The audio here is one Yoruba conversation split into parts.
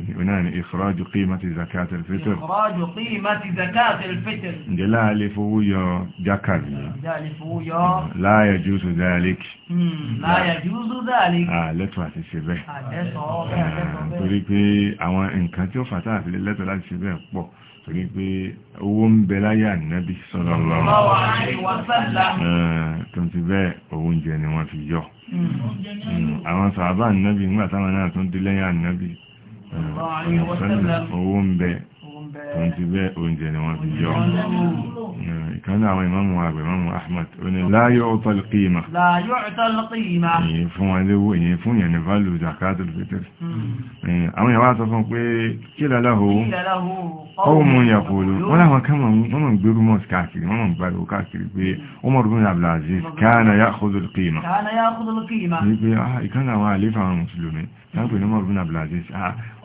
náà ni ìkọ̀rájù qimati zakat al-fitr ìkọ̀rájù qimati zakat al-fitr ǹjẹ́ láàlè fowó yọ jákàt yìí la yajuzu dhalik la yajuzu dhalik lẹ́tọ̀ àti ṣe bẹ́ẹ̀ torí pé àwọn nǹkan tí ó fàtà àti lẹ́tọ̀ láti ṣe bẹ́ẹ̀ pọ̀ torí pé owó ń bẹ láyé ànábì sallallahu alaihi wasallam tó ti bẹ́ẹ̀ oúnjẹ ni wọ́n fi yọ àwọn sàábà ànábì nígbàtàwọn náà tún dé lẹ́yìn ànábì صلى الله عليه وسلم tọ́n ti bẹ́ oúnjẹ ni wọ́n fi yọ eh, ìkan náà àwọn ìmọ́mù àgbẹ̀ mọ́mù Ahmad ó ní la yu'tal qima èyí fún wọn léwó èyí fún yẹn ní válù zakatul fitr hmm. eh, àwọn ìyàwó sọ fún pé kí lalahu qawmun yaqulun wọ́n láwọn kama wọ́n mọ̀ gbérú mọ́ káàkiri wọ́n mọ̀ gbárò káàkiri pé Umar bin Abdul Aziz kana ya'khudhul qima wípé ah, ìkan náà àwọn àlífà àwọn mùsùlùmí láàpẹ̀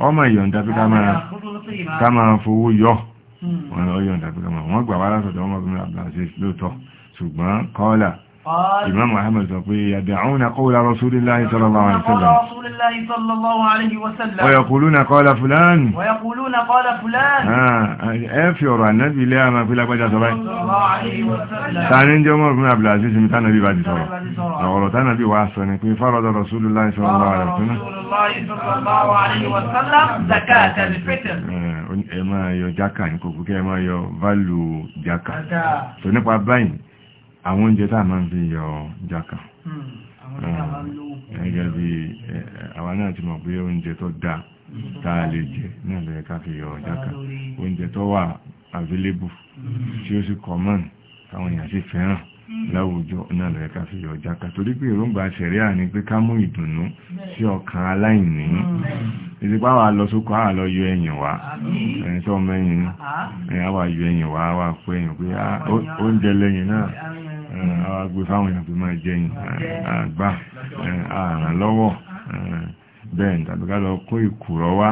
Umar yọ hmm. wọn lọ yọ̀ǹda pé kọ́mọ̀ wọ́n gbà wá látọ̀dọ̀ ọmọ ọgbìn abdulaziz lóòótọ́ ṣùgbọ́n kọ́lá قال الإمام أحمد الثقفي يدعون قول رسول الله صلى الله عليه وسلم قول رسول الله صلى الله عليه وسلم ويقولون قال فلان ويقولون قال فلان ها آه، آه، اف يور النبي لا ما في لا بعد الله عليه وسلم ثاني يوم من قبل عزيز من ثاني بعد صلى الله عليه وسلم واسن يعني كي فرض رسول الله صلى الله عليه وسلم زكاة الفطر ema yo jaka ni ko ke ema yo value jaka to àwọn oúnjẹ tá a máa ń fi yọ jákà hmm, ẹgẹ́ ah, bí àwọn náà ti mọ̀ pé oúnjẹ tó dáa tá a jẹ náà ló ká fi yọ jákà oúnjẹ tó wà available hmm. tí ó sì common táwọn èèyàn sì fẹ́ràn hmm. láwùjọ náà ló ká fi yọ jákà pé èròǹgbà aláìní wà lọ sókò lọ yọ wá tó mẹ́yìn ẹ̀yìn ah. àwà yọ wà pé pé ah, oúnjẹ náà àwọn agbè fáwọn èèyàn tó máa jẹyìn àgbà àràn lọ́wọ́ bẹ́ẹ̀ tàbí ká lọ kó ìkùrọ̀ wá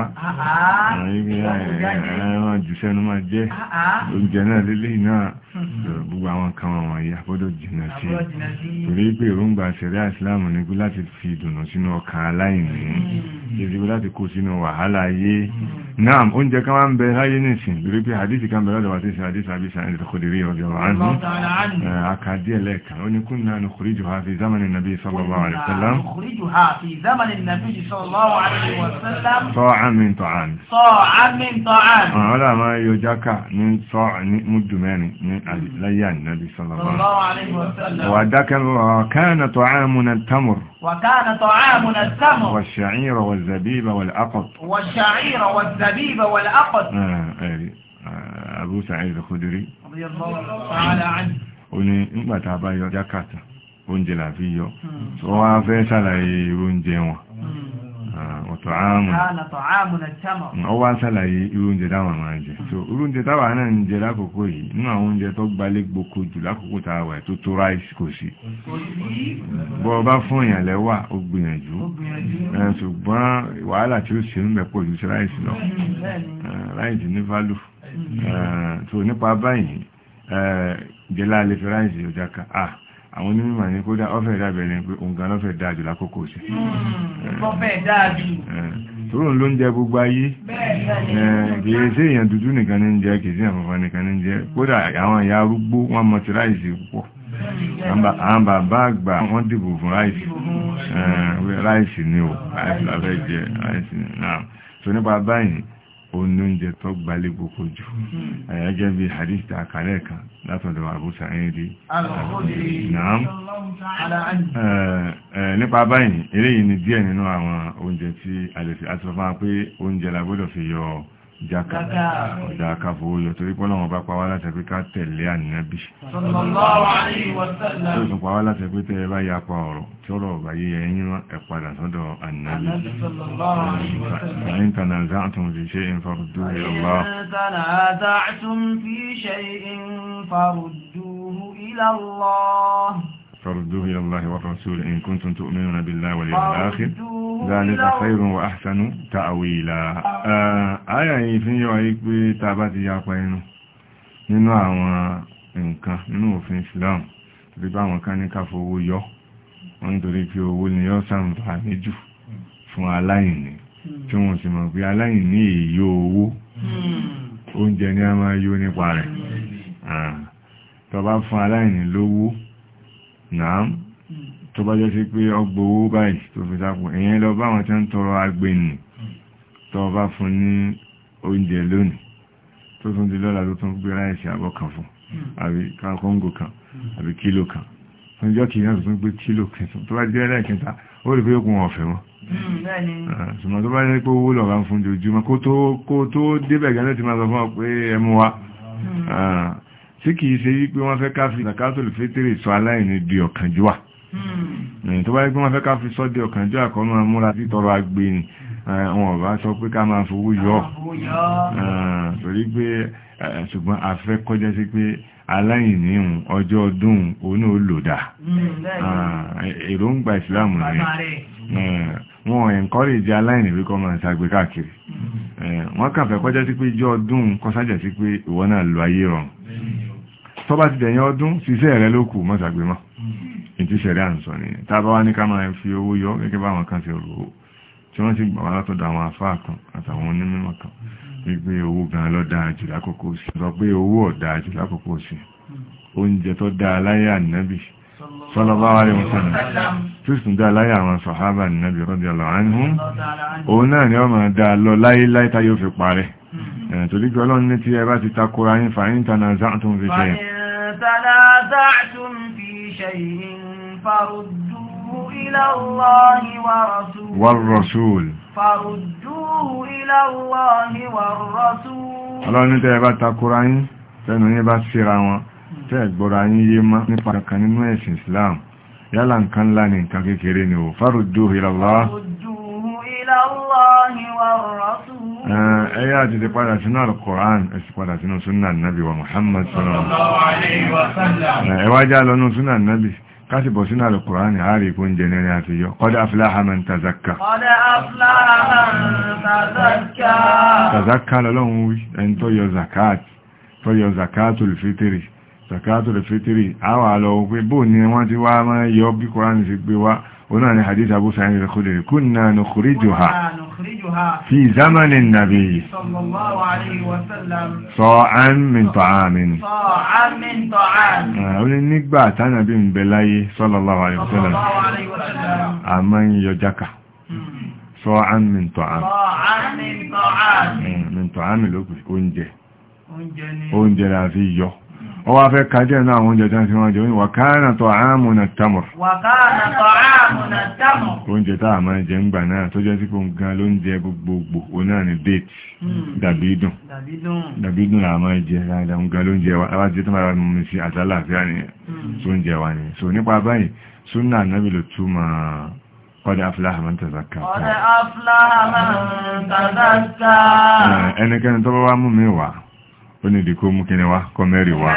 ẹran jù sẹ́nu máa jẹ́ oúnjẹ náà lélé náà gbogbo àwọn kan àwọn ìyá gbọ́dọ̀ jìnà sí torí pé èròǹgbà sẹ̀rẹ́ àìsílámù ní láti fi ìdùnnú sínú ọkàn aláìní hmm. ìdíwé láti kó sínú wàhálà ayé náà oúnjẹ kan wá ń bẹ láyé nìsìn lórí pé àdísì kan bẹ lọ́dọ̀ wà sí àdísì àbí sàn ìdíkò lè rí ọjọ́ àánú àkàdí ẹlẹ́ẹ̀kan ó ní kún náà nùkúrí jù ha fi zámanì nàbí sallallahu alaihi wasallam sọ́ọ̀ min tọ́án ọ̀rọ̀ àmà yóò jákà ní sọ́ọ̀ ní múdù mẹ́rin ní láyé ànìyàn sallallahu alaihi wasallam wà dákẹ́ lọ kánà tọ́án múnà tamur wà kánà tọ́án múnà tamur wà ṣàyìn rọ̀wọ̀ والزبيب والأقص والشعير والزبيب والأقص آه، آه، أبو سعيد الخدري رضي الله تعالى عنه ونبتع بايو جاكاتا ونجلا فيو وانفين سلاي ونجيوه ọ̀tọ̀ ààmù ó wá sàlàyé irú oúnjẹ táwọn máa jẹ so irú oúnjẹ táwa náà ń jẹ lákòókò yìí nínú àwọn oúnjẹ tó gbalé gboko jù lákòókò táwa tó tó ráìsì kò sí bọ́ ọba fún èèyàn lẹ́wà ó gbìyànjú ṣùgbọ́n wàhálà tí ó ṣe ń bẹ̀ pọ̀ ju ti ráìsì lọ ráìsì ní fálù tó nípa báyìí jẹ́lá lè fi ráìsì ọjà ká ah àwọn onímọ̀ ní kódà ọ̀fẹ́ ìdábẹ̀ ni pé òǹgá lọ́fẹ́ dáadù lákòókò sí hmm, eh, tòrò ló ń jẹ gbogbo ayé eh, kìí sí èèyàn dúdú nìkan ní jẹ kìí sí àfọ̀fà nìkan ní jẹ kódà àwọn ìyá arúgbó wọn mọ̀tí ráìsì púpọ̀ àwọn bàbá àgbà wọ́n dìbò fún ráìsì ráìsì eh, ni ò ráìsì láfẹ́ jẹ ráìsì náà so nípa báyìí onúnjẹ tó gbalé gbogbo jù hmm. ẹ̀yẹ́gẹ́ bí hadith ta àkàrẹ́ kan látọ̀dọ̀ Abu Sa'id nípa báyìí eléyìí ni díẹ̀ nínú àwọn oúnjẹ tí a lè fi aṣọ fún wa pé oúnjẹ la fi yọ ọ́ jákàtà ọ̀dá akáfò oyò torí pé Ọlọ́run bá pàwà láti pé ká tẹ̀lé ànábì sallallahu alaihi wasallam tó tún pàwà láti pé tẹ́ bá ya pa ọ̀rọ̀ tí ọ̀rọ̀ bá yí ẹ̀yìn ẹ̀padà sọ́dọ̀ ànábì sallallahu alaihi wasallam in tanaza'tum fi shay'in farudduhu ila Allah in tanaza'tum fi ذلك خير وأحسن تأويلا àyà yìí fi ń yọ ayé pé tá bá ti yapa ẹnu nínú àwọn nǹkan nínú òfin Islam rí bá wọn ká ní káfowó yọ wọ́n torí pé owó ni yọ́ ṣàǹfààní jù fún aláìní hmm. tí wọ́n sì mọ̀ pé aláìní èyí owó hmm. oúnjẹ ni a máa yó nípa rẹ̀ hmm. ah, tó bá fún aláìní lówó náà tó bá jẹ́ sí pé ọgbò owó báyìí tó fi sápò èyàn lọ bá wọn tí ń tọrọ agbẹ̀nì tó bá fún ní oúnjẹ lónìí tó tún di lọ́la tó tún gbé ráìsì àbọ̀ kan fún àbí kọ́ngò kan àbí kílò kan fún ìjọ́ kìí náà tún gbé kílò kẹsàn tó bá jẹ́ ẹlẹ́kẹta ó rí pé ó kún ọ̀fẹ́ wọn hmm, ah, ṣùgbọ́n tó bá jẹ́ pé owó lọ́ba ń fún ojoojúmọ́ kó tó débẹ̀ gẹ́lẹ́ ti máa sọ fún ọ pé ẹmu wa tí hmm. ah, kìí ṣe wípé wọ́n fẹ́ ká fi zakatol fẹ́tẹ̀rẹ̀ sọ aláìní di ọ̀kánjúwà Hmm, tó bá yẹ pé wọ́n fẹ́ ká fi sọ́dẹ̀ ọ̀kànjọ àkọ́nú amúra sí tọrọ agbè ni eh, wọn bá sọ pé ká máa fowó yọ eh, torí pé eh, ṣùgbọ́n a fẹ́ kọjá sí pé aláìní ìhun ọjọ́ ọdún oní olòdà hmm, ah, e, èròǹgbà ìsìláàmù rẹ̀ wọn encourage aláìní wíkọ́ máa ṣàgbé káàkiri hmm. wọ́n kàn fẹ́ kọjá sí pé ìjọ ọdún kọsájà sí pé ìwọ náà lo ayé rọrùn tó bá ti dẹ̀yìn ọdún ṣiṣẹ́ rẹ ló kù mọ́ ìtí ṣẹ̀rí àǹsọ̀ ni tàbá wá ní ká máa fi owó yọ gẹ́gẹ́ bá àwọn kan ti rò ó tí wọ́n sì gbà wá látọ̀dọ̀ àwọn afáà kan àtàwọn onímọ̀ kan wípé owó gan lọ dáa jù lákòókò sí sọ pé owó ọ̀dáa jù lákòókò sí oúnjẹ tó dáa láyé ànábì sallallahu alaihi wasallam kírísùn dáa láyé àwọn sàhábà ànábì radiyallahu anhum òun náà ni wọ́n máa dáa lọ láyé láyé táyé ó fi parẹ́ torí ọlọ́run ní فردوه إلى الله ورسول والرسول فردوه إلى الله والرسول ọlọ́run tẹ́ bá takora yín tẹ́nu yín bá síra wọn tẹ́ gbọ́ra yín yé mọ́ nípa kan nínú ẹ̀sìn Islam yálà nǹkan ńlá ní nǹkan kékeré ni ó فردوه إلى الله ẹ̀yà ti ti padà sínú al-Qur'an ẹ̀sì padà sínú súnà nàbí wa Muhammad sallallahu alaihi wasallam ẹ̀wájá lọ́nà súnà nàbí káti bọ̀ sínú alùkùránì àárí ikú ń jẹ nẹ́rẹ́ àti yọ qad aflaha man tazakka tazakka lọ́lọ́run wí ẹni tó yọ zakat tó yọ zakatul fitri zakatul fitri àwà lọ pé bó ní wọ́n ti wá máa yọ bí kùránì ti gbé wá onáà hadith Abu Sa'id al-Khudri kunna nukhrijuha يعطيها في زمن النبي صلى الله عليه وسلم صاعا من طعام صاعا من طعام أقول آه، إنك بعت أنا بن بلاي صلى الله عليه وسلم صلى الله يجاك صاعا من طعام صاعا من طعام آه، من طعام الأكل أنجه أنجه لا فيه ó wá fẹ́ kájẹ́ náà oúnjẹ tán sí wọ́n jẹ wa kana ta'amuna tamur wa kana ta'amuna tamur oúnjẹ tá a máa jẹ ń gbà náà tó jẹ́ sí kò gan lóúnjẹ gbogbogbò o ni date hmm. dàbídùn dàbídùn la máa jẹ dáadáa gan lóúnjẹ wa láti jẹ́ tó máa ni tó hmm. ń jẹ wa ni so nípa báyìí súnà nábì ló túmọ̀ Qad aflaha man tazakka. Qad ó ní ìdíkó mú kí ni wá kọ́ mẹ́rin wá